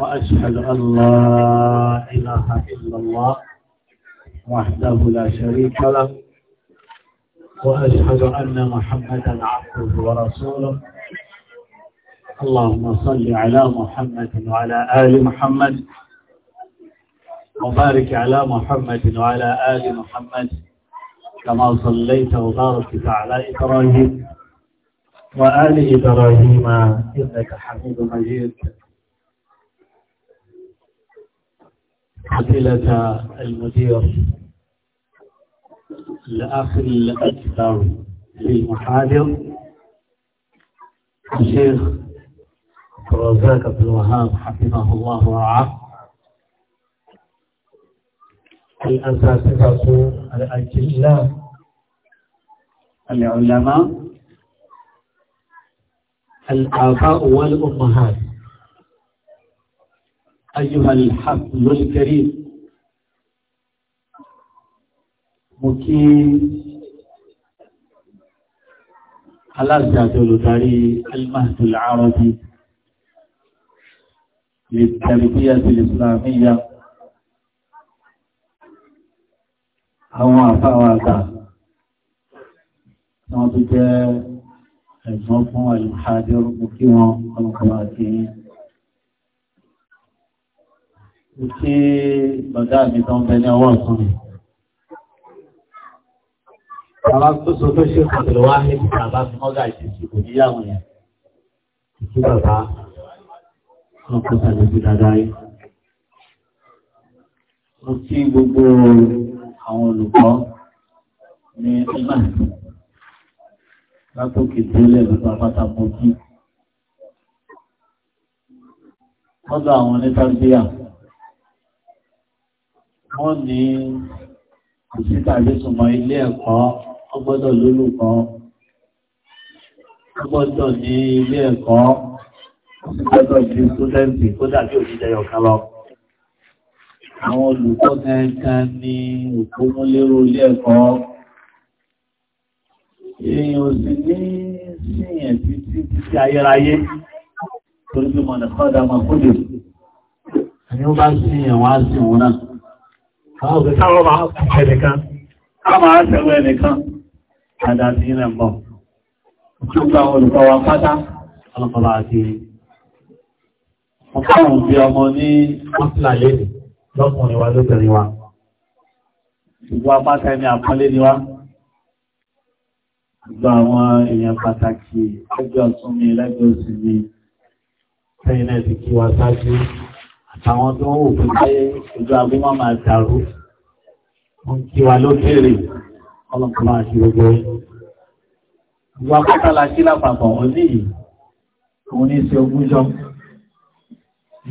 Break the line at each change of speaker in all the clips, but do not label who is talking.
وأشهد أن لا إله إلا الله وحده لا شريك له وأشهد أن محمدا عبده ورسوله اللهم صل على محمد وعلى آل محمد وبارك على محمد وعلى آل محمد كما صليت وباركت على إبراهيم وآل إبراهيم إنك حميد مجيد فضيلة المدير الأخ الأكثر في المحاضر الشيخ رزاق عبد الوهاب حفظه الله ورعاه الأساتذة الأجلاء العلماء الآباء والأمهات أيها الحفل الكريم مكين على زادل داري المهد العربي للتربية الإسلامية هو فوضى نعطيك المفهوم الحاضر مكين القواتين Ìṣe bàdá mi tán bẹ ní ọwọ́ ọ̀tún mi. Bàbá tó sọ tó ṣe pàtàkì wá ní bàbá fi mọ́gà ìṣèṣì kò níyàwó yẹn. Ìṣe bàbá kan kó sàlẹ̀ sí dáadáa yìí. Mo kí gbogbo àwọn olùkọ́ ní Imá. Látòkè délẹ̀ lọ́dọ̀ apáta mo kí. Mọ́gà àwọn onítàbíyà wọ́n ní òsítà lẹ́sùnmọ́ ilé ẹ̀kọ́ wọ́n lólùkọ́ wọ́n ní ilé ẹ̀kọ́ wọ́n ní sódẹ́ǹtì kó dàbí òṣìṣẹ́ ọ̀kan lọ. Àwọn olùkọ́ kankan ní òpómúlérò ilé ẹ̀kọ́. Èèyàn ò sì ní síyàn títí títí ayérayé torí bí mọ̀nà kọ́dà máa kó lè. Àyọ́ bá síyàn wá sí òun náà àwọn òṣèṣà wọ́n máa ẹnìkan a máa ṣẹ̀wọ́ ẹnìkan àdá sí ilẹ̀ mọ́ ọ̀túnbà olùkọ́ wa pátá ọlọ́pàá àti ọkàwọn òbí ọmọ ní ọ́sílà lẹ́nì lọ́kùnrin wa lóbìnrin wa ìgbà pátá ẹni àpọ́nlé ni wa gbogbo àwọn èèyàn pàtàkì ẹgbẹ́ ọ̀tún mi lẹ́gbẹ́ òsì mi tẹ́yìn ti kí wa ṣáájú àtàwọn tó ń wò fún pé ojú agbó máa máa dàrú wọn kí wa lókèrè ọlọ́pàá máa ṣe gbogbo ẹ̀. ìwà pátálà sí lápapọ̀ wọn ní yìí òun ní sí ogúnjọ́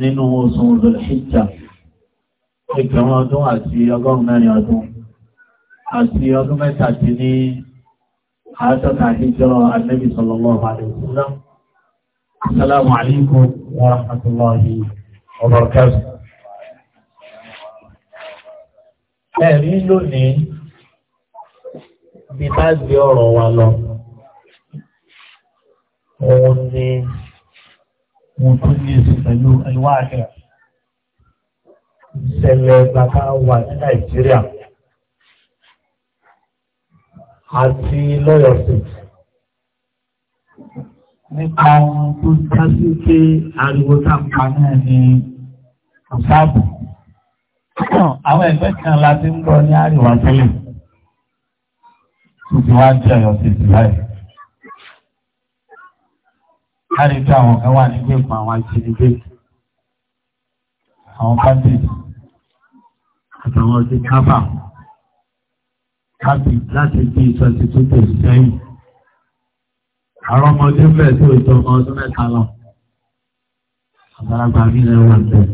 nínú oṣù olùhíjà ẹgbẹ̀rún ọdún àti ọgọ́rùn mẹ́rin ọdún àti ọdún mẹ́ta ti ní àádọ́ta ìjọ Ànábì sallallahu alaihi wasallam. Assalamu alaikum wa rahmatullahi ọ̀bọ̀kẹ́sì. Ẹ̀rí lónìí bí bá gbé ọ̀rọ̀ wa lọ, òun ni mo tún ní èsì pẹ̀lú ìwà àṣẹ. Ìṣẹ̀lẹ̀ bàbá wà ní Nàìjíríà àti lọ́yọ̀sì nípa ohun tó já sí pé ariwo táǹkà náà ni ọ̀sáàbù. Àwọn ẹgbẹ́ kan la ti ń gbọ́ ní àríwá tẹ́lẹ̀. Ó ti wá ń jẹ́ ọ̀yọ́ sí ti báyìí. Láti tí àwọn kan wà ní gbẹ̀gbọ̀n àwọn ajínigbé, àwọn bandits, àtàwọn ọdún káfà, láti bí 22 days sẹ́yìn àwọn ọmọdé fẹ́ tó ìjọ ọmọ ọdún mẹ́ta lọ àgbàlagbà mi lè wà bẹ́ẹ̀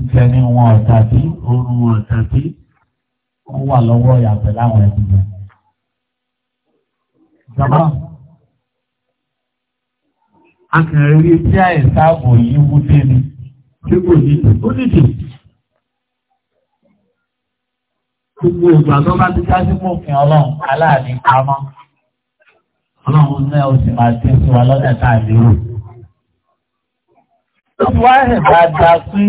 ìfẹ́ ní wọn ọ̀tà bí oorun wọn ọ̀tà bí wọ́n wà lọ́wọ́ ìyàtọ̀ láwọn ẹbí rẹ̀ ìjọba akẹrẹrí tí àìsáàbò yìí wú dé ni tí kò ní ó nìdí gbogbo ìgbà tó bá ti dá sí mòfin ọlọ́run aláàdínkà mọ́ ọlọ́run náà ó sì máa dé sí wa lọ́dẹ káàdúró. ó fi wá ẹ̀bá da sí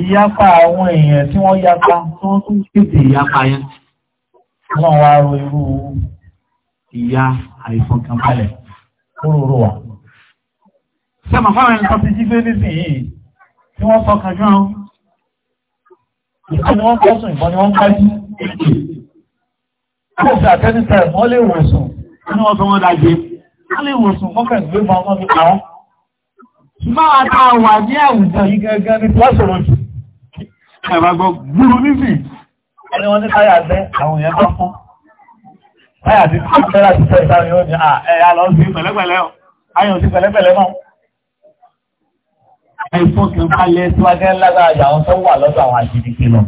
ìyapa àwọn èèyàn tí wọ́n yapa tó ń tún kéde ìyapa yẹn. wọ́n wá ro irú ìyá àìfọkànbalẹ̀ kóróró wa. sẹ́mà fáwọn ẹni tó ti jí gbé nísìnyí tí wọ́n fọkàn jọ́ àwọn. ìtọ́jú wọn kọ́sùn ìbọn ni wọ́n ń kájú. Kọ́ọ̀sì àtẹ́nìtẹ̀ wọ́n lè wòsùn, inú wọn tó wọ́n dájé. Wọ́n lè gẹ́gẹ́ ní pọ́sọ̀rọ̀ jù. Ẹ̀bàgbọ́ gbúrú nífì. Wọ́n ni táyà bẹ́ àwọn èèyàn bá fún. Táyà ti tẹ́ láti tẹ́ ìtàrí ó ní ẹ̀yà lọ sí pẹ̀lẹ́pẹ̀lẹ́ ọ̀. Ayọ̀ sí pẹ̀lẹ́pẹ̀lẹ́ náà. Àìfọ́kànbalẹ̀ tí wájẹ́ àwọn tó wà lọ́dọ̀ àwọn àjídìkì lọ.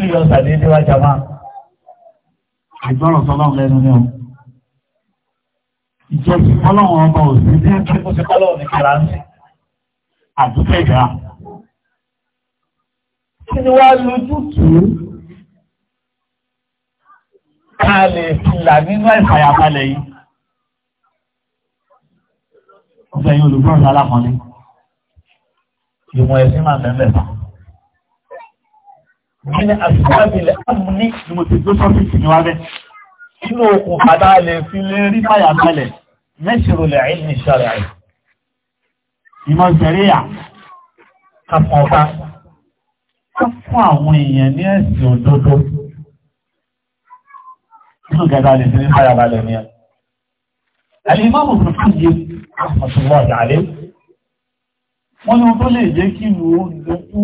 Ilé ọ̀sà àìgbọ́rọ̀ sọ́lọ́run lẹ́nu ní ọmọ ìjọsìn ọlọ́run ọba òsì ní ẹgbẹ́ tó ti kọ́lọ́run ní kẹra ní àdúgbò ìgbà kí ni wá lójú tù ú ká lè fìlà nínú ìfàyàbalẹ̀ yìí ọ̀sẹ̀ yìí olùgbọ́n sálà kan ní ìmọ̀ ẹ̀sìn máa bẹ̀ẹ̀ mẹ́ta nínú àṣìṣàbìlẹ̀ àmúní ni mo ti gbé sọ́fíìsì ní wábẹ́ inú okùn padà lè fi lè rí fàyà mẹ́lẹ̀ mẹ́ṣirò lè rí ní ṣàrẹ̀ àì ìmọ̀ ìṣẹ̀ríyà kàfún ọba fún àwọn èèyàn ní ẹ̀sìn òdodo inú gẹ̀dá lè fi rí fàyà mẹ́lẹ̀ ní ẹ̀ wọ́n ní wọ́n tó lè jẹ́ kí ìlú lókú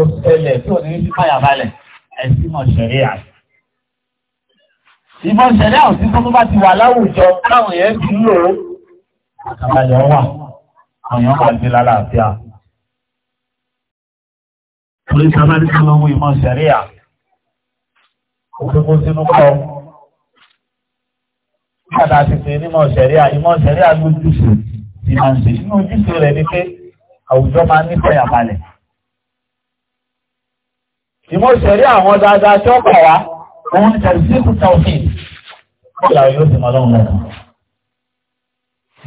ọ̀sẹ̀lẹ̀ tí ò ní sí fàyàbalẹ̀ ẹ̀sìmọ̀ ṣẹ̀ríà. ìmọ̀ ṣẹ̀ríà ò sí tó tó bá ti wà láwùjọ káwọn yẹn ti lò ó àkàbalẹ̀ wà àwọn yẹn máa gbé lálàáfíà. torí sábà ní kí wọ́n mú ìmọ̀ ṣẹ̀ríà òkúkú sínú kọ́. Nígbà tá a ti pè é nímọ̀ ṣẹ̀ríà, ìmọ̀ ṣẹ̀ríà lójúṣe ìmọ̀ ṣe. Inú ojúṣe rẹ̀ ni pé àwùjọ máa ní fẹ́ àbálẹ̀. Tí mo ṣẹ̀rí àwọn dáadáa tí ó pọ̀ wá, òun ni tàbí síkù tàwọ̀fìn. Bọ́ọ̀lá yóò ti mọ lọ́rùn lẹ́nu.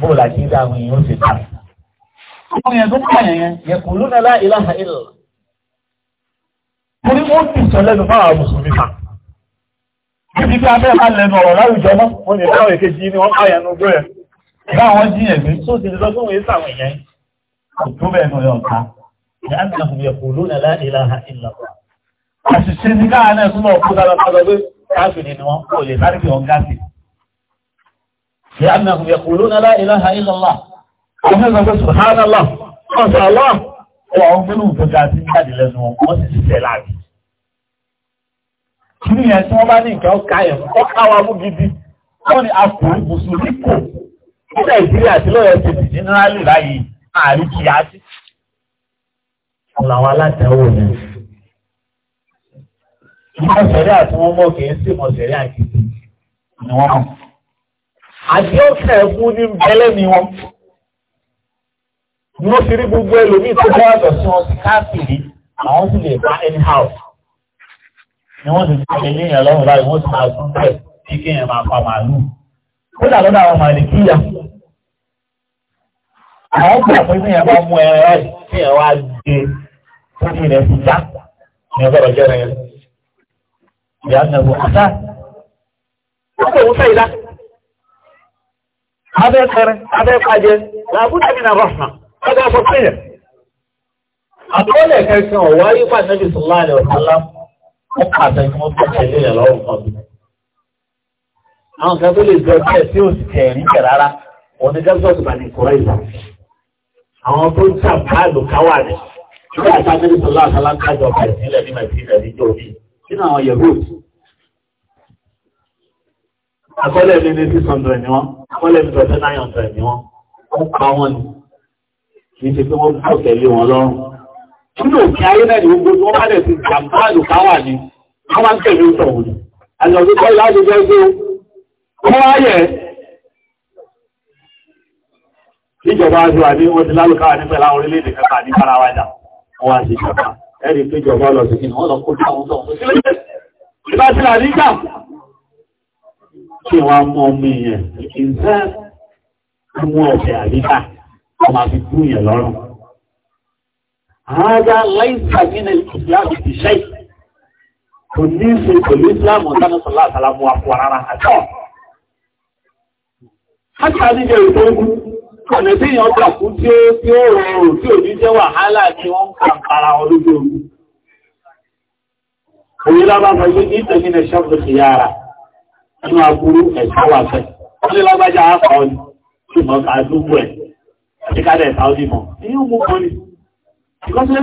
Bọ́ọ̀lá kí dáhùn yóò ti dá. Àwọn yẹn tó ń pààyàn yẹn, yẹ kò lónà lá ìlàhà ìlà. Mo ní wọ́n ti sọ lẹ́nu fáwọn Mùsùlùmí fa. Bíbi bí abẹ́ bá lẹnu ọ̀rọ̀ láwùjọ mọ́, mo ní táwọn èkejì ni wọ́n pààyàn nù gbọ́ yẹn. Báwọn jíyàn gbé, tó ti lọ sóhun èsà àwọn tó bẹ́ẹ̀ nù yọ̀ ká ní àdìsàn yẹ kò lónà láì láha ìlà wa. àṣìṣe ní káà náà súnmọ́ òkú dára padà pé káàfin ni wọ́n kò lè sáré bí wọ́n gáàsì. ní àdìsàn yẹ kò lónà láì láha ìlà wa. àwọn pé subhanallah ọ̀sán allah wọ́n àwọn gbólóhùn tó ga sí àárí jìyà sí. Àwọn alátẹ̀wò ni. Ìmọ̀ sẹ̀rí àti wọn mọ̀ kìí sí ìmọ̀ sẹ̀rí àkìtì ni wọ́n mọ̀. Àti ọ̀sẹ̀ ẹ̀kú ní bẹ́lẹ̀ mi wọn. Ni wọ́n fi rí gbogbo ẹlòmíì tó bá yàtọ̀ sí wọn sí káàkiri, àwọn sì lè bá anyhow. Ni wọ́n ti fi ilé yẹn lọ́rùn báyìí, wọ́n ti máa tún bẹ̀ kí kéèyàn máa pa màálù. Kódà lọ́dọ̀ àwọn màlìkíyà àwọn gbà pé ní ẹ̀bá mú ẹ̀rọ tí ẹ̀ wá gbé tóbi rẹ̀ ti dá ní ọgbọ́dọ̀ jẹ́ rẹ̀ ìyá nàbọ̀ àtà ó kò wọ́n fẹ́ ìdá abẹ́ kẹrin abẹ́ pàjẹ́ làbúdà ní nà rọ̀fà ọgbà fọ́ pé yẹn àkọọ́lẹ̀ kẹrin ọ̀wá yípa nàbì sọ̀lá ní ọ̀sánlá ó pàṣẹ kí wọ́n tó tẹ̀lé rẹ̀ lọ́rùn kan bí àwọn kan tó lè jọ bẹ́ẹ̀ tí ó sì tẹ̀ rí rẹ̀ rárá òní dẹ́gbẹ́sọ̀ tó bá ní kúrẹ́ ìlànà àwọn tó ń sàbáàlù káwà ní ṣúgbà àtàkìrí sọlá àtàlákájọ bẹ̀rẹ̀ sílẹ̀ ní mẹ̀sílẹ̀ ní jòmí nínú àwọn yẹ̀húd akọ́lẹ̀ mi ní 600 ni wọ́n akọ́lẹ̀ mi tọ́tẹ́ 900 ni wọ́n wọ́n pa wọ́n ni kì í ṣe pé wọ́n kọ̀ tẹ̀lé wọn lọ́rùn nínú òkè ayé náà ni gbogbo tí wọ́n bá dẹ̀ ti sàbáàlù káwà ní wọ́n máa ń tẹ̀lé ìtọ̀wò ni àjọ̀dún kọ́ ìjọba ajọ́ àní wọ́n ti lálùkà ní pẹ̀lá orílẹ̀-èdè kẹta ní farawájà wọ́n ti jọba ẹ̀rí pé jọba lọ sí ìwọ́n lọ kó táwọn tó ń sílẹ̀ ìbá sí là nígbà kí wọ́n mú ọmọ èèyàn ìfẹ́ mú ọ̀sẹ̀ àríkà ọmọ àfi kú yẹn lọ́rùn ààgá láìsà nínú ìsìláàmù ti ṣe kò ní í ṣe pẹ̀lú ìsìláàmù ọ̀tánà sọ̀lá àtàlámù àpò rárá àtọ́ Hátà níjẹ̀ ìtọ́gún ọ̀nà tí èèyàn gbà kú tí ó tí ó rọrùn tí ò ní jẹ́ wàhálà tí wọ́n ń kà para wọn lójú omi. Òye lábàbà yìí ní ìtẹ̀mí ní ṣọ́ọ̀bù sí yára nínú aburú ẹ̀ṣọ́ wà fẹ́. Wọ́n lé lágbájá àpá tí mọ̀ ká dúgbò ẹ̀ àti ká dẹ̀ ta ọdí mú kọ́ ni. Ìkọ́sílẹ̀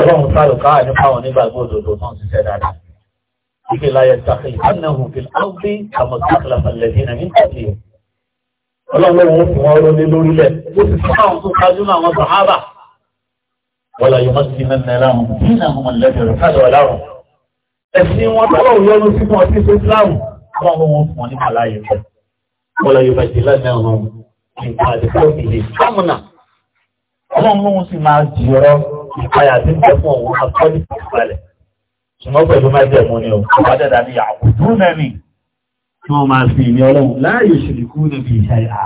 ọlọ́run sáyọ̀ káà nípa wọn nígbàgbọ́ òdòdó tán ṣiṣẹ́ dáadáa ike láyé sàkè ìdánahùn fi áwùdí àmọ̀sákìlà pàlẹ́dí náà nígbà tí o ọlọ́run wọn fún wọn lórí lórílẹ̀ ó sì fún àwọn tó ṣáájú náà wọn sàhábà wọ́n láyé wọ́n ti mẹ́rin náà láwọn bí náà wọn lẹ́bẹ̀rẹ̀ káàdọ̀ ọ̀làrùn ẹ̀sìn wọn tọ́lọ̀ yọnu sí wọn sí ìpayà tí ń bẹ òun akọ́lì ìpalẹ̀ ṣùgbọ́n pẹ̀lú májẹ̀mú ni o ọba dẹ́dà ní àkùtù nẹ́ni tí wọ́n máa fi ìní ọlọ́run láàyè ṣìrìkú níbi ìṣẹ́ ìhà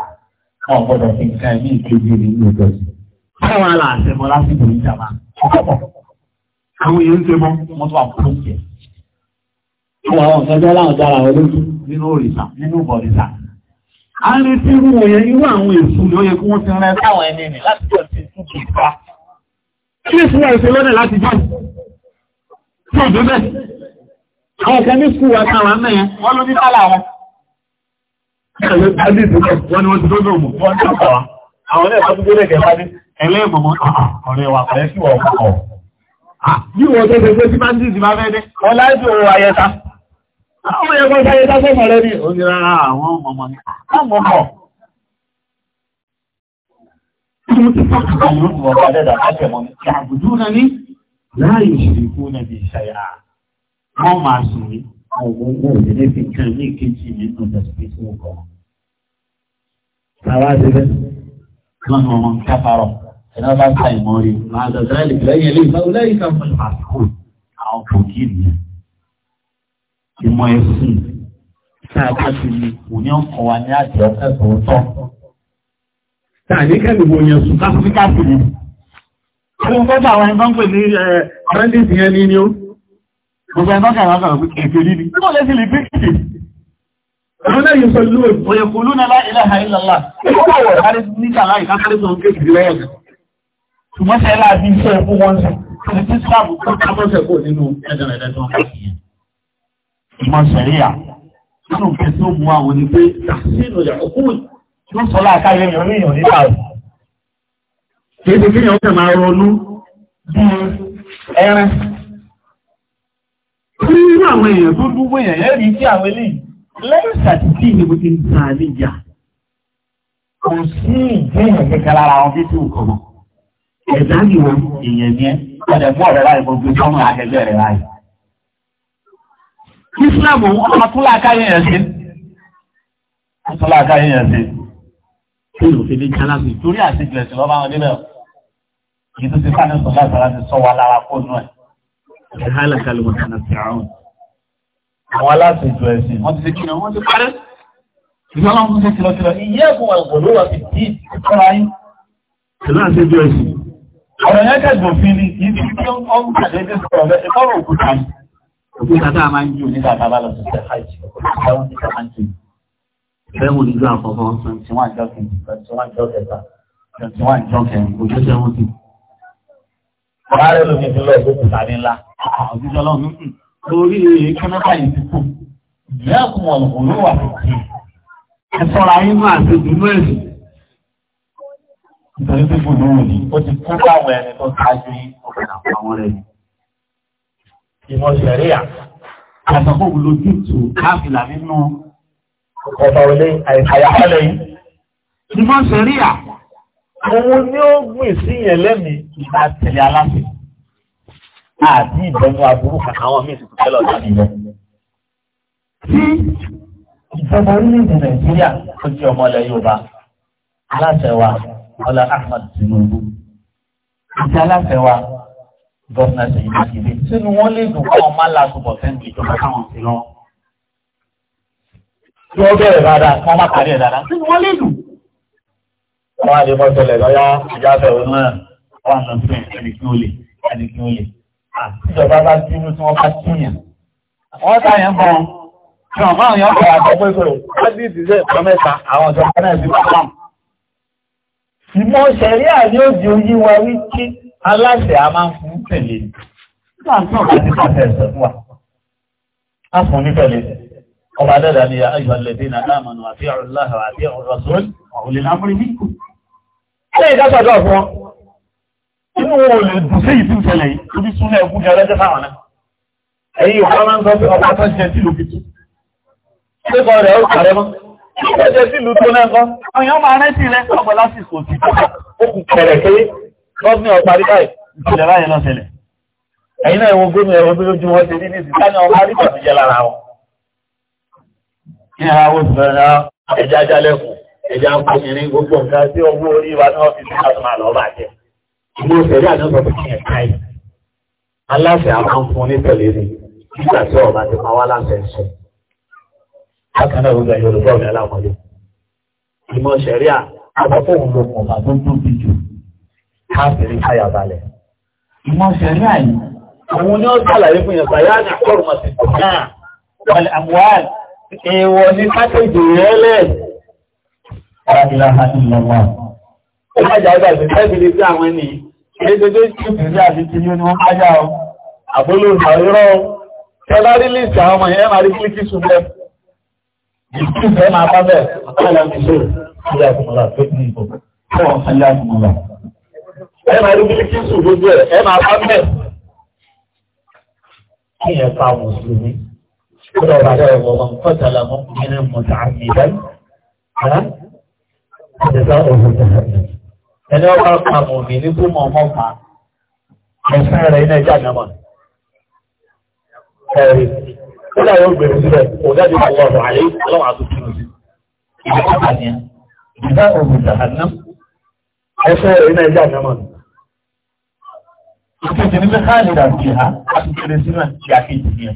wọn gbọ́dọ̀ fi nǹkan ẹ̀mí ìkejì ní ìlú ìjọsìn táwọn aláàṣẹ mọ́ lásìkò ìjàmbá ọ̀pọ̀ àwọn èèyàn ń ṣe mọ́ wọ́n tó àkókò jẹ́ àwọn àwọn ọ̀sẹ̀jọ́ láwọn dára olójú nínú òrìṣà nínú bọ̀rìṣà a ń retí irú òyìn irú àwọn èṣù ló yẹ kí wọ́n ti rẹ táwọn ẹni nì láti jọ ti tún kì í pa kí fún ẹ̀ṣẹ́ lọ́nà láti jẹ́ fún ọdún bẹ́ẹ̀ àwọn ọ̀kan ní skúù wa táwọn mẹ́yẹn wọ́n ló ní tálà wọn wọ́n ni wọ́n ti tó lò mọ̀ wọ́n tàbà wá àwọn ilẹ̀ tó gbé lẹ́gẹ̀ẹ́ bá ní ẹlẹ́gbọ̀mọ́ ah, ah, ọ̀rẹ́ wa pẹ̀lẹ́ sí wọ́n kọ̀ ah, bí wọ́n tó ṣe pé tí máa ń dìdì máa fẹ́ dé wọ́n láì tó rọ ayẹta àwọn ẹgbọ́n ayẹta sọ́mọ̀ rẹ̀ ní onírara àwọn ọmọ ọmọ ni tí mo ti fàkàbalẹ̀ ó ti wọ̀ bá dẹ́dà láti ẹ̀mọ́ mi yàgùdú náà ní láàyè ìṣèkú náà bí ìṣàyà wọ́n máa sùn ní àwọn owó òdìdí fi kan ní ìkejì nínú ìdàsíkè tí mo kọ́. Bàbá ti bẹ́ lọ́nà ọmọ nǹkan parọ̀ ẹ̀dá bá ta ìmọ̀ rí máa dàgbà lè lẹ́yìn ilé ìgbà lẹ́yìn ká fún ìgbà àsìkò àwọn kòkí nìyẹn. Ìmọ̀ ẹ̀sìn tá a bá ti ní òní ọkọ̀ wa ní àjẹ́ ọ̀kẹ́ tó tọ́ tàbí kẹ́lùgbò yẹn sùn káfíkáfìlì. Àwọn ọgbọ́gbà àwọn ẹgbọ́n pè ní ẹ̀rẹ́ndìsì yẹn ní ní ó. Gbogbo ẹgbọ́n kàrà kàrà pé kẹfẹ́ líbi. Kí wọ́n lè sí lè pé kìí? Àwọn náà yóò sọ lóòrùn. Òyè kò lúnà láì ilẹ̀ àìlàlá. Ìgbọ́gbà wọ̀ láti ní kàrà ìkákàrí sọ kéèkì lẹ́yẹ̀. Ṣùgbọ́n sẹ́lá bí iṣẹ́ ẹkú wọn sọ. Ṣé ti sáàbù kọ́ kábọ́sẹ̀ kò nínú ẹ̀dẹ̀rẹ̀ ẹ̀dẹ̀tọ́ Ìmọ̀ sẹ̀ríà. Nínú kẹsí ó mú àwọn ni pé tàṣínú ìyàkùn ló sọ láàká ilé èèyàn níyàn nígbà o. kì í ṣe kí èèyàn kàn máa ronú bí ẹran. nínú àwọn èèyàn tó dúró èèyàn yẹn rí sí àwọn eléyìí lẹ́yìn ṣàtìtì ni mo ti ń ta àlejò. kò sí ìgbéyàn kẹkẹ lára àwọn fífi nǹkan mọ. ẹ̀dá ni wọn èèyàn yẹn wọ́n dẹ̀ mú ọ̀rẹ́ láì gbogbo ìjọ́mọ akẹgbẹ́ rẹ̀ láì. Islam ọmọ tó láàká yẹn yẹn ṣe kéèyàn fi lè jẹ́ láti torí àti ìjìnlẹ̀ sí lọ́wọ́ àwọn nílẹ̀ yìí tó ti sáni sọ láti láti sọ wa lára kó nú ẹ̀. ẹ hálà kalẹ̀ wọn kàn sí àrùn. àwọn aláṣẹ ìjọ ẹ̀sìn wọ́n ti ṣe kí ni wọ́n ti parẹ́. ìjọ náà ń ṣe kìlọ̀kìlọ̀ iye ẹ̀kọ́ wà lọ́wọ́ ló wà fi dí ìkọ́ra yín. ìlú àti ìjọ ẹ̀sìn. ọ̀rọ̀ yẹn kẹ́gbọ̀n fi ni kì í ti fi ọ̀hún àdéhùn sẹ́wọ̀n níjọ́ àkọ́kọ́ twenty one jọ́ kejì twenty one jọ́ kẹta twenty one jọ́ kẹrin kò jẹ́ sẹ́wọ̀n tì. ló ní ti lọ ìgbókùn sáré ńlá. Òjijì ọlọ́run lórí kẹ́mẹ́fà yìí ti kù. Ìyá kùn ọ̀nà òun wà fìtì. Ẹ sọ́ra yín máa ṣe dùnú ẹ̀sìn. Nítorí pé gbogbo òun ni ó ti kú báwọn ẹni tó ṣáájú yín ọ̀gbìn àwọn rẹ̀. Ìmọ̀ ṣẹ̀ríà. Àṣàkóògùn lójú tù káàfìlà nínú ọ̀pọ̀ olé àyàkálẹ̀ yìí. Ìmọ̀ sẹ̀ríà. Òun ni ó gbìn sí yẹn lẹ́mìí ìgbà tẹ̀lé aláṣẹ. Àti ìbẹ̀nu aburú kàkà wọn mí ìsìnkú tẹ́lọ̀ ọ̀dà nìyẹn. Tí ìjọba orílẹ̀-èdè Nàìjíríà tó jẹ́ ọmọ ilẹ̀ Yorùbá, aláṣẹ wa Bọ́lá Ahmed Tinubu, àti aláṣẹ wa Gọ́fìnà Ṣèyí Mákindé, sínú wọn lè dùn kọ́ ọmọ aláṣọ bọ̀ fẹ́ǹdì ìjọba káwọn sí lọ́wọ́ tí wọ́n bẹ̀rẹ̀ dáadáa kí wọ́n má parí ẹ̀ dáadáa tí wọ́n lè lù. àwọn àdìmọ́ sọlẹ̀ lọ́yà ìjà bẹ̀rù náà wà nù sí ẹni kí ó lè ẹni kí ó lè. ìjọba bá dúró tí wọ́n bá túyàn. wọ́n táyàn bọ̀ tí wọ́n máa yàn bọ̀rọ̀ àtọ́ pẹ́sọ̀rọ̀ wọ́n sì ti ẹ̀kọ́ mẹ́ta àwọn ìjọba náà ti wà pàm. ìmọ̀ ṣẹ̀ríà ni ó di wa wí kí aláṣẹ a máa ń fún tẹ̀lé. nígbà tí wọ́n ti pàṣẹ ọba dẹ́dà ni ayọ̀ lẹ́dẹ́ na láàmànù àti ọ̀rọ̀láhà àti ọ̀rọ̀sọ́rọ̀ ọ̀hùnlẹ̀ lámúrí níkù. Ṣé ìdájọ́dọ̀ fún inú wọn lè dùn sí ìfún ìṣẹ̀lẹ̀ yìí torí súnlẹ̀ ẹkùn jẹ́ ọlọ́jẹ́ fáwọn náà. Ẹ̀yìn ọ̀pá máa ń sọ pé ọba tó jẹ sí ìlú kìtù. Ṣé kọ́ rẹ̀ ó kàrẹ́ mọ́? Ṣé jẹ sí ìlú tó náà kọ́? Àwọn máa rẹ́ sí ilẹ̀ ọ̀pọ̀ lásìkò tí ó kù kẹ̀rẹ̀ kéré. Gọ́ọ̀mì ní àwọn ìfẹ́ra ẹja jálẹ̀kùn ẹja pàṣírí gbogbo nǹkan tí owó orí wa náà fi sílá tó máa lọ bá jẹ ìgbó ìfẹ́rí àjọsọ tó kí ẹ̀ka yìí aláṣẹ àwọn fún ní tẹ̀lé rí
nígbà tí ọba
ti pa wá láṣẹ ṣe bákan náà gbogbo Yorùbá ọ̀gá aláwọ̀lé ìmọ̀ ṣẹ̀rí à àkọ́kọ́ òun ló mọ̀ tó tóbi jù káàkiri káyà balẹ̀ ìmọ̀ ṣẹ̀rí à yìí òun ni ó sàlàyé fún yẹn sàyà ní àkọ́rùmọ̀ sí Ìwọ̀ ni pàtẹ́jì rẹ̀ lẹ̀. Ó májá ọjà sí tẹ́bìlì sí àwọn ẹni. Ẹgbẹ́gbẹ́ ṣùgbọ́n ní àti ti yóò ni wọ́n májá ọ. Àbólò ìrọ̀ tẹ́lá rí lè ṣà ọmọ ìyẹn máa rí kílíkì ṣùgbọ́n. Ìṣùgbọ́n máa bá bẹ̀ ọ̀tọ́lá mi ṣe ìṣẹ́ àkùnmọ̀lá tó ní ìbò. Ṣé wọ́n ṣe àkùnmọ̀lá? Ẹ máa rí kílíkì ṣùgbọ́n ẹ máa bá bẹ̀. Kí قال بعدها ومن قتل مؤمنا متعمدا جزاؤه جهنم ẹni ọba pa mọ̀mí ní fún ọmọ pa ẹ̀sán rẹ̀ iná ẹja nàmà ẹ̀rí ó dà yóò gbèrú síbẹ̀ kò dájú kò wọ́n àlẹ́ ọlọ́run àtúntò sí ìdí ọ̀pá ni ìdá ògùn jàhánà ẹ̀sán rẹ̀ iná ẹja nàmà ìkejì ní mẹ́kánì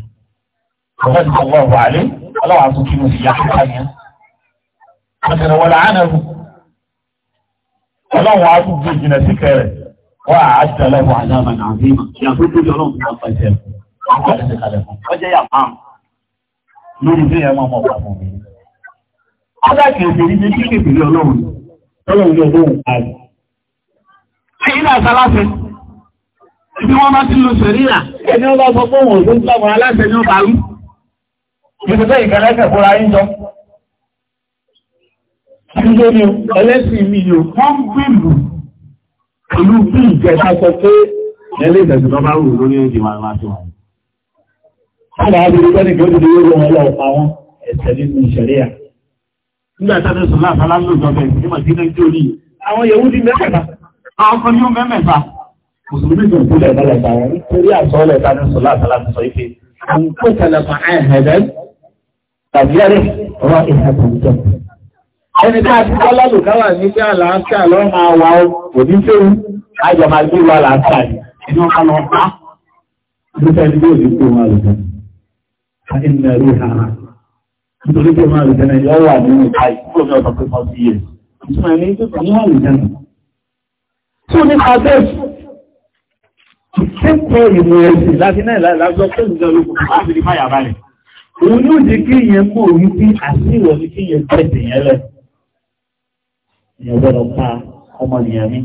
ọ̀gbẹ́ni ọwọ́ ọ̀wọ́ àlẹ́ ọlọ́wà tó kí mo sì yá kíkà yẹn. Àtẹ̀rẹ̀ wọlé ànàbù. Ọlọ́wà á tún gbé ìjìnlẹ̀ sí kẹrẹ̀. Wọ́n á àjẹ́ lẹ́wọ̀ àdáàmà náà bí mà. Ìyàtọ̀ tó jọ náà fún àpẹẹsẹ̀. Àpẹẹsẹ̀ ti kalẹ̀ fún. Ọjẹ́ yà máa lórí bí ẹ̀mọ́ ọmọ ọ̀pá fún mi. Ọjà kèfè ní ṣe kéfè ní ọlọ́run. Ọlọ́run ní ọlọ́run ààrẹ. Ṣé ilé àṣà láṣẹ? Ibi wọ́n bá ti lo sẹ̀ríà. Ẹni ọba sọ fún òun tó ń sábà aláṣẹ ní ọba rú. Ìgbésẹ̀ bẹ́ẹ̀ ìkàrẹ́ ẹ̀kẹ́kọ̀ọ́ra yín jọ. Ìgbésẹ̀ ni ẹlẹ́sìn mi yóò fọ́n gbìlù pẹ̀lú bí ìjẹta sọ pé ẹlẹ́ ìdẹ̀sùn bá wù lórí èdè wọn láti wọn. Ọ̀nà àbúrú pẹ́ nìkan ó dìde wọn lọ pa wọn ẹ̀sẹ̀ nínú ìṣẹ̀lẹ̀ à. Nígbà tá a ti sùn láàfin aláǹdọ̀ bẹ̀ ní tàbílẹ̀ ọwọ́ ìhàtà ìjọ. Ẹni ká ti kọ́ lálùkáwà ní pé àlàáfíà lọ máa wà òbí tó ń ajọ máa gbé wà láàáfíà inú ọmọ lọ pa. Lúfẹ́ ní yóò dípò máa lùfẹ́. A ní nà rí ha. Nítorí pé máa lùfẹ́ náà yọ wà nínú ìta ìkúrò ní ọ̀sán pé fọ́sí yẹ. Ìtumọ̀ ẹni tó kọ̀ láti náà láti lọ́jọ́ òun yóò jẹ́ kí èèyàn mọ̀ wípé àṣìwọ̀ ni kí èèyàn tẹ̀sẹ̀ yẹn lẹ̀. èèyàn gbọ́dọ̀ pa ọmọ nìyàn mi.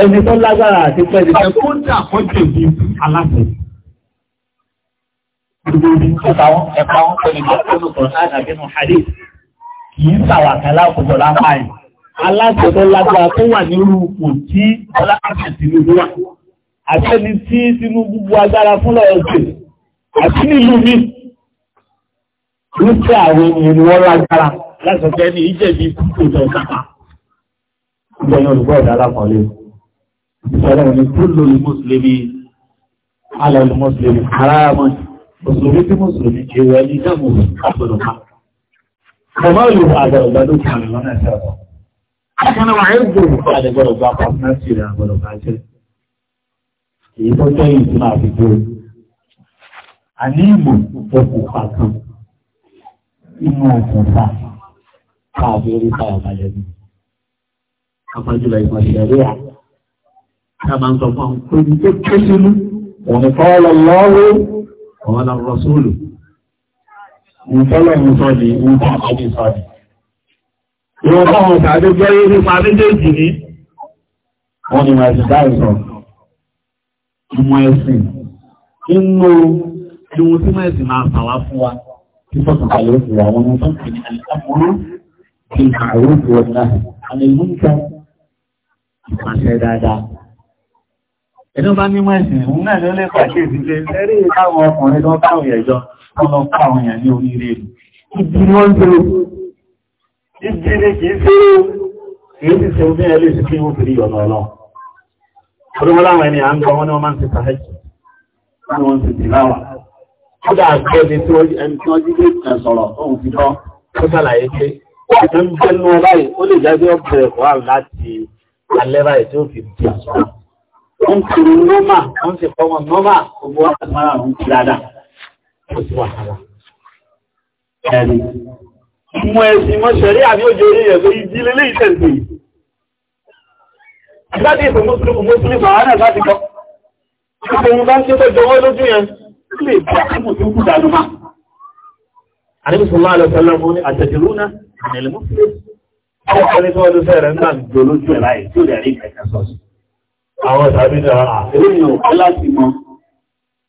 ẹni tó lágbára àti pẹ́ẹ́lí fẹ́ kó dà kọ́jọ bí aláṣẹ. gbogbo ibi ẹ̀ka wọn ẹ̀ka wọn pẹ̀lú ìgbàlódé kan láti àbínú hàdí kì í sàwà kẹlá òkùnkùn lápá ẹ̀. aláṣẹ tó lágbára tó wà nírú kò tí ọlá àti Tinubu wà. àtẹni tí Tinubu agbára fúnlọ̀ ọ̀gbìn àti nílùú mi wípé àwọn ènìyàn ni wọ́n lágbára láti ọ̀kẹ́ ní ìjẹ̀bi ìjọ ìkápá ìgbẹ̀yìn olùgbọ́ ọ̀dà alákọ̀ọ́lẹ̀ ìṣẹ̀lẹ̀ ní kúlò ní mùsùlùmí alẹ́ ní mùsùlùmí aráàmọ́ mùsùlùmí tí mùsùlùmí ṣe wọ ẹni jẹ́ mùsùlùmí ká ọmọ ìlú àgbẹ̀ ọ̀gbẹ́dún kan lọ́nà ẹ̀sẹ̀ ọ̀tọ̀ akẹ́nà wà ń gbòòrò pàṣẹ náà sí ìrìn àgbọ̀dọ̀ bá jẹ́ èyí tó jẹ́ ìtumọ̀ àfikún àní ìmọ̀ okùnfà kan inú okùnfà káàbí orí fáwọn balẹ̀ mi. Àpájúlọ ìmọ̀ ìṣẹ̀lẹ̀ à. Ká máa ń sọ fún àwọn olùkọ́ tó ké sínú. Wọ́n fọ́ lọ lọ́wọ́, wọ́n lọ rọ sóòlù. Ìfọ́lọ̀ ń sọ ní ìwúkọ́ àbájú sọ ní. Ìwọ̀n fáwọn tàbí gbọ́yé nípa méjèèjì ní. Wọ́n ni màá ti dá ìsọ̀. Ìmọ̀ ẹ̀sìn. Inú ní ohun tí mẹ́sì máa pàwá fún wa tí fọ́kànlẹ̀ òkú àwọn ọmọ tó ń pè ní àlùkọ́mọ́ kí n kàwé òkú ọ̀dà àlèmú ń tọ́ ìpàṣẹ dáadáa. Ẹ̀dọ́ bá ní mẹ́sì òun náà ló lè pàṣẹ ìdílé lẹ́rí káwọn ọkùnrin tó káwọn èèyàn jọ wọ́n lọ kọ́ àwọn èèyàn ní oríire rẹ̀. Ibi ni wọ́n ń lo ibi ni kì í ṣe èyí ti ṣe omi ẹ̀ lè ṣe kí wọ́n fi rí ọ̀nà ọlọ́run. Ọdún wọn láwọn ẹni à ń gbọ́ wọn ni wọ́n máa ń ṣe sàhẹ́jì. Wọ́n ni wọ́n ń ṣe tìláwà kódà àgbẹ̀dẹ̀ tí ẹni tí wọ́n jí lè kàn sọ̀rọ̀ tóun fi tán ó ṣàlàyé pé ọ̀sán bẹ́nu báyìí ó lè jáde ọ̀bẹ̀ wà láti alẹ́ báyìí tí ó fi di àsọ̀rọ̀. wọ́n ń kiri nọ́mà wọ́n sì fọ́ wọn nọ́mà gbogbo àtàmárà ń kiri àdá ó sì wàhálà. ẹni mo ẹ̀sìn mo ṣẹ̀rí àbí òjò orí rẹ̀ lórí ìdílé lè tẹ̀sí. láti ìsìn mùsùlùmí mùsùlùmí bàárà láti kọ́. ìṣèyí bá ń ṣe tó lè bá àmọ̀ tó kú dánú má. Àníbi sọ máa lọ sọ́lọ́ mú ní àtẹ̀jìlú náà, ìnìlẹ̀ mú sílé. Àwọn ọ̀rẹ́ ní sọ́ọ́dún fẹ́rẹ̀ ń gbà jò lójú ẹ̀ láì tí ó lè rí ìkẹ̀kẹ́ sọ́ọ̀sì. Àwọn tàbí dára àfẹ́lẹ́yìn ọ̀pá láti mọ.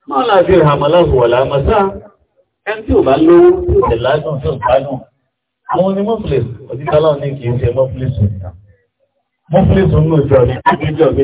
Máa náà fi hàmọ́ láti wọ̀lá mọ́sá. Ẹn tí ò bá lówó tí ó tẹ̀ ládùn tó gbádùn. Àwọn ni mọ́fìlẹ̀sì, òtítọ́ láwọn ní kì í ṣe mọ́fìlẹ̀sì nìkan. Mọ́fìlẹ̀sì ń lò jọ ní àgbéjọ́ gbé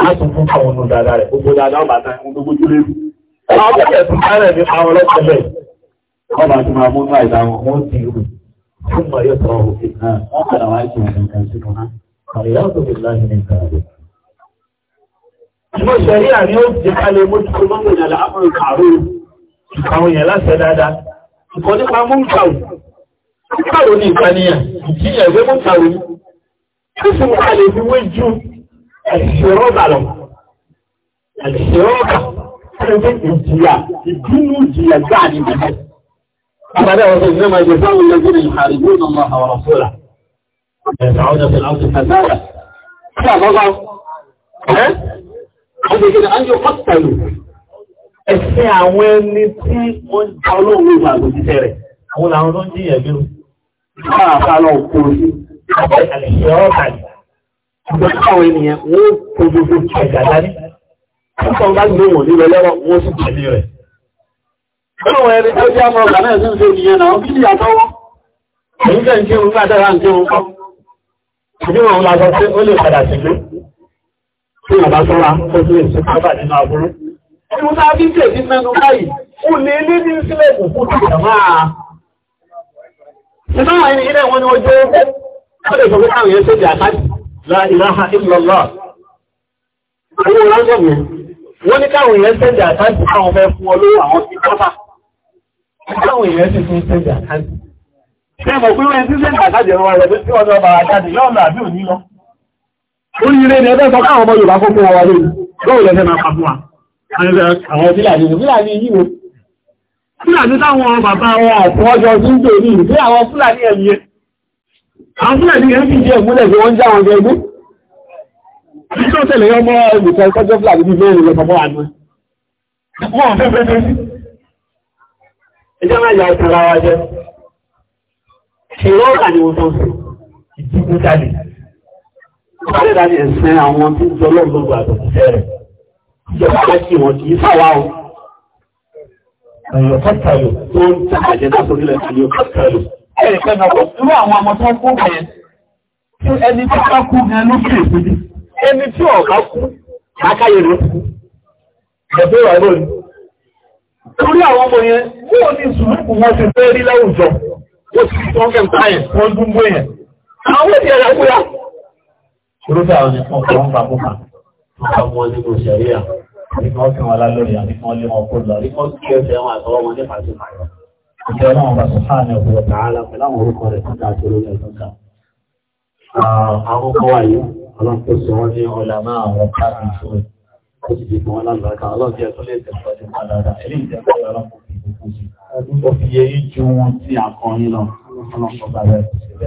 láti fún àwọn ọmọ dáadáa rẹ̀ gbogbo dáadáa bàtà gbogbo jùlé àwọn ọmọ ẹ̀sùn tẹ́rẹ̀ ní àwọn ọlọ́pẹ̀lẹ̀ wọ́n bá ti máa mú ní àìdá wọn wọ́n ti rù fún mọ̀ yóò sọ òkè náà wọ́n padà tó fi láti ní ìgbà rẹ̀. Mo èèyàn láṣẹ dáadáa. Ìkọ̀ nípa múntàwù. Múntàwù ni ìpànìyàn, ìjìyàn ìwé múntàwù. Ó ẹ̀ṣẹ̀rọ́bà lọ. Ẹ̀ṣẹ̀rọ́bà ẹ̀ṣẹ̀ ìjìyà ìbínú ìjìyà gbáà ní bẹ̀rẹ̀. Àbádá wọ́n sọ̀rọ̀ ìjọba ìjọba àwọn ọmọdé ìhàrìbó náà àwọn ọ̀rọ̀fọ́lá. Ẹ̀ṣẹ̀rọ́bà fi láti fàzára. Kí àbábá? Ẹ́ Ẹ̀sìn àwọn ẹni tí wọ́n jẹ́ ọlọ́run ìwà àgbòjíṣẹ́ rẹ̀, àwọn làwọn tó ń jíyàn bí ó. Káàkà lọ kò sí, àbẹ́ àlẹ́ṣẹ́ ọ̀tàlì. Ìgbọ́n àwọn ènìyàn wọ́n kó gbogbo ẹ̀dà dání. Púpọ̀ bá gbé wọn nílọ lọ́rọ̀ wọ́n sì tẹ̀lé rẹ̀. Bọ́lọ̀ bí tẹ̀sí mẹ́nu báyìí, ó lè lé ní sílẹ̀ kùkú tó Ìbáwọn ẹni ilẹ̀ wọn ni ó jẹ́ ó lè sọ pé káwọn yẹn ṣe àkájì. La ilaha illallah. Àwọn ọlọ́gbọ̀n wọ́n ní káwọn èèyàn sẹ́jà àkáǹtì káwọn fẹ́ fún ọlọ́wọ́ àwọn sí pápá. èèyàn sẹ́jà àkáǹtì. káwọn ọmọ fún wa lórí. Bọ́ọ̀ Àwọn Fílàní Fílàní yìí wo àwọn fúnlẹ̀ ní ẹ̀rí jẹ́ ìmúlẹ̀ tí wọ́n já wọn jẹ ẹgbẹ́ tí ó tẹ̀lẹ̀ ọmọ ìgbìtẹ̀ ìkọjọ́ fúlàdì bí mẹ́rin lọ bàbá àná wọ́n fẹ́ fẹ́ fẹ́ sí ẹjọ́ máa yà ọ̀tọ̀ ara jẹ́ ṣèrọ́ ọ̀rà ni wọ́n tán sí ìdíkú jáde ọ̀rẹ́ dání ẹ̀sìn àwọn tí ń jọlọ́ gbogbo àtọ̀kùnfẹ́ rẹ̀ ìjọba á kí wọn kì í fàwa o ẹ̀yọ̀ kọ́tàlù tó ń tàbàjẹ́ látòrílẹ̀ àyọ̀ kọ́tàlù ẹ̀rẹ̀ pẹ̀lú ọkọ̀ irú àwọn ọmọ tó ń kó bẹ̀rẹ̀ tí ẹni tó bá kú gan ló fi èpèdè ẹni tí ọ̀gá kú àkáyè ló kú ẹ̀bẹ̀ wà lónìí torí àwọn ọmọ yẹn wọ́n ní sùúrù wọn ti fẹ́ rí láwùjọ wọ́n ti tọ́ kẹ́ báyẹn wọ́n dún mú yẹn àwọn èdè ẹ̀rọ kúra. Irúfẹ́ àwọn nìkan kò ń fàbọ̀ kà nípa wọn nínú ìṣẹ̀rí à nípa ọ̀sìn wọn lálórí àníkan lé wọn kó lọ nípa kí ẹsẹ̀ wọn àtọwọ́ wọn nípa ìjọ ọlọ́run bá sùfáàní ọ̀pọ̀ tààlà pẹ̀lú àwọn orúkọ rẹ̀ tó dáa tó lórí ẹ̀dọ́ta. Àwọn ọkọ̀ wà yìí, ọlọ́run tó sọ wọ́n ní ọlà máa àwọn káàkiri tó rẹ̀. Ó sì fi wọn lálùbáta, ọlọ́run jẹ́ tó lè tẹ̀síwájú máa dáadáa. Ilé